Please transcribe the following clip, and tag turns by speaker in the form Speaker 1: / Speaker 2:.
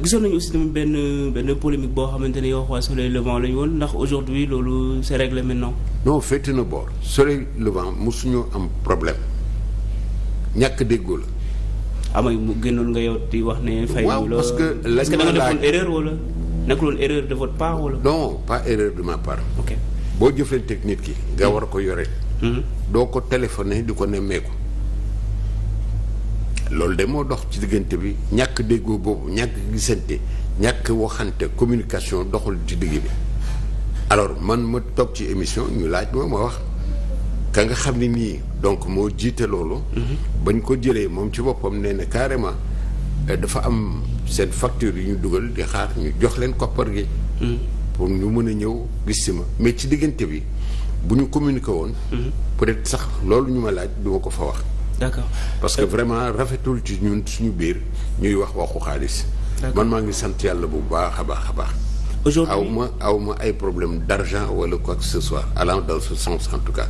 Speaker 1: gisoon nañu aussi tamit benn benn polémique boo xamante ne yow waa soleil levant la ñu woon ndax aujourd'hui loolu c'est réglé maintenant.
Speaker 2: non féete na boor soleil mu mosuñu am problème ñàkk déggoo la. amay ah, mu génnoon nga yow di wax ne. fay waaw parce que lañ ma laaj est da defoon erreur wala nekkuloon erreur de votre part wala. non pas erreur de ma part. ok boo jëflanteeg nit ki. nga hmm. war ko yore. Hmm. doo ko téléphoné di ko nemmeeku. loolu de moo dox ci diggante bi ñàkk déggoo boobu ñàkk gisante ñàkk waxante communication doxul ci digg bi alors man ma toog ci émission ñu laaj ma ma wax ka nga xam ne nii donc moo jiite loolu mhm. bañ ko jëlee moom ci boppam nee na carrément euh, dafa am seen facteur yi ñu dugal di xaar ñu jox leen koppar gi mhm. pour ñu mën a ñëw gis si ma mais ci diggante bi bu ñu communiqué woon mhm. être sax loolu ñu ma laaj du ko fa wax d'accord parce que vraiment rafetul ci ñun suñu biir ñuy wax waxu xaalis. man maa ngi sant yàlla bu baax a baax a baax. aujourd'hui aw ma aw ma ay problème d'argent wala quoi que ce soit allan dans ce sens en tout cas.